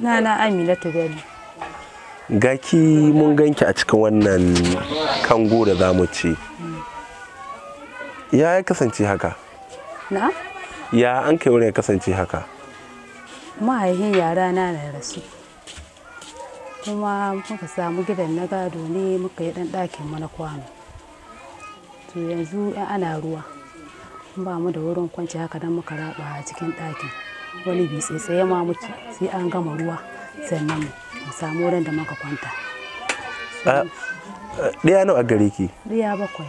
na Aminatu gani Gaki mun ganki a cikin wannan kango da za mu ce. Ya ya kasance haka? Na? Ya an kai wurin ya kasance haka? Mahaifin yara na na rasu. Kuma muka samu gidan na gado ne muka yi ɗan ɗakin mu na kwano. To yanzu ana ruwa. Ba mu da wurin kwanci haka don muka raba a cikin ɗakin. wani bi tsaye ma muke sai an gama ruwa sannan mu samu wurin da muka kwanta ɗaya nawa gare ki ɗaya bakwai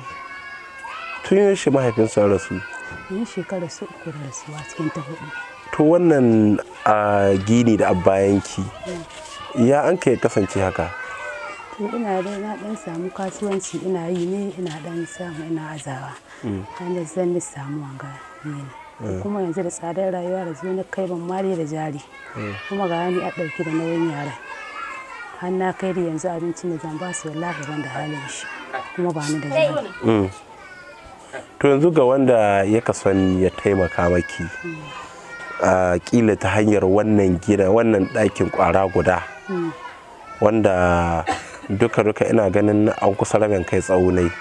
tun yin shi mahaifin sa rasu yin shekara su uku da a cikin ta hudu to wannan a gini da ki, mm. ya an kai kasance haka to ina da na dan samu kasuwanci ina yi ne ina dan samu ina azawa da mm. zan samu wanga ne Eh. kuma yanzu da tsadar rayuwa da zo na kai ban mare da jari eh. kuma ga wani a ɗauki da nauyin yara har na kai da yanzu abinci da zan ba su wallahi ban da halin shi kuma ba ni da jari mm. to yanzu ga wanda ya kasan ya taimaka maki mm. a kila ta hanyar wannan gida wannan ɗakin ƙwara guda mm. wanda duka-duka ina ganin an kusa rabin kai tsaunai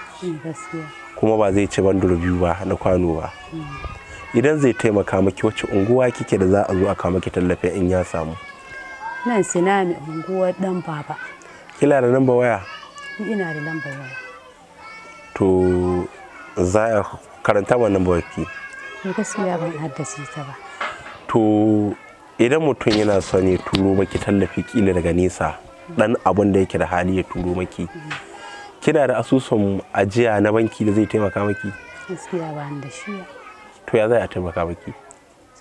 kuma ba zai ci ban biyu ba na kwano ba idan zai taimaka maki wacce unguwa kike da za a zo a kawo maki tallafi in ya samu nan sinami unguwar dan baba kila da lamba waya ina da lamba waya to za a karanta wa lamba waki gaskiya ban haddace ta ba to idan mutum yana son ya turo maki tallafi kila daga nesa dan abun da yake da hali ya turo maki kina da asusun ajiya na banki da zai taimaka maki gaskiya ba da shi to ya zai a taimaka baki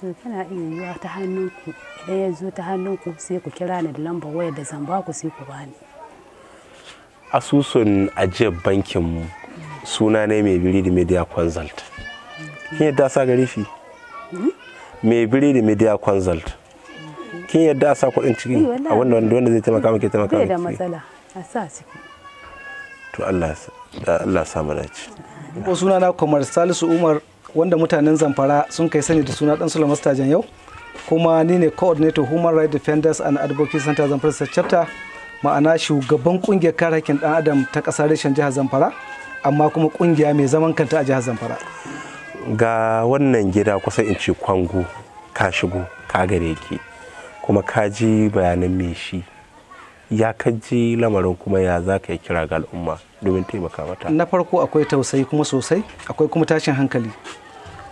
so kana iya yiwuwa ta hannun ku idan ya zo ta hannun ku sai ku kira ni da lambar waya da zan ba ku sai ku bani asusun ajiyar bankin mu suna ne mai biri da media consult kin yadda sa gari shi hmm? mai biri da media consult kin yadda sa kuɗin ciki eh, a wannan wanda zai taimaka miki taimaka miki da matsala a sa ciki to Allah Allah sa mu dace ko suna na kamar Salisu Umar wanda mutanen zamfara sun kai sani da suna dan sulamas jan yau kuma ni ne coordinator human rights defenders and advocacy center zamfara sa chapter ma'ana shugaban kungiyar kare hakkin dan adam ta kasar reshen jihar zamfara amma kuma kungiya mai zaman kanta a jihar zamfara ga wannan gida kusa in ce kwango ka shigo ka gare ki kuma ka ji bayanan me shi ya kaji lamarin kuma ya za ka yi kira ga al'umma domin taimaka mata na farko akwai tausayi kuma sosai akwai kuma tashin hankali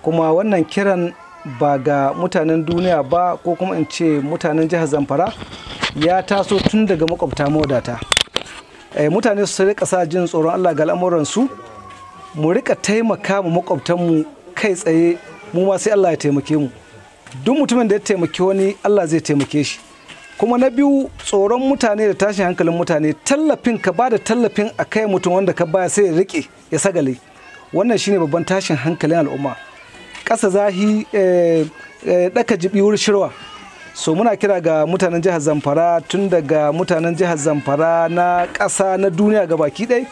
kuma wannan kiran ba ga mutanen duniya ba ko kuma in ce mutanen jihar zamfara ya taso tun daga makwabta mawadata eh, mutane su rika sa jin tsoron allah ga al'amuransu mu rika taimaka mu makwabtanmu kai tsaye mu ma sai allah ya taimake mu duk mutumin da ya taimaki wani allah zai taimake shi kuma na biyu tsoron mutane da tashin hankalin mutane tallafin ka ba da tallafin a kai mutum wanda ka baya sai ya rike ya sagale wannan shine babban tashin hankalin al'umma ƙasa zahi ɗaka eh, eh, jibi wurin shirwa so muna kira ga mutanen jihar zamfara tun daga mutanen jihar zamfara na ƙasa na duniya ga baki ɗai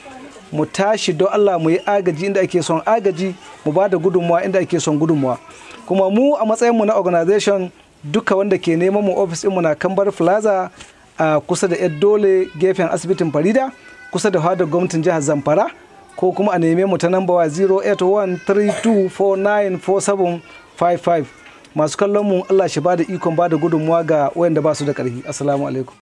mu tashi don allah mu yi agaji inda ake son agaji mu ba da gudunmuwa inda ake son gudunmuwa kuma mu a matsayinmu na organization duka wanda ke neman mu ofis ɗinmu na kambar plaza a kusa da yar dole gefen asibitin farida kusa da hada gwamnatin jihar zamfara ko kuma a neme mu ta namba wa 08132494755 masu kallon mu Allah shi ba bada ikon da gudunmuwa ga wayanda ba su da karfi assalamu alaikum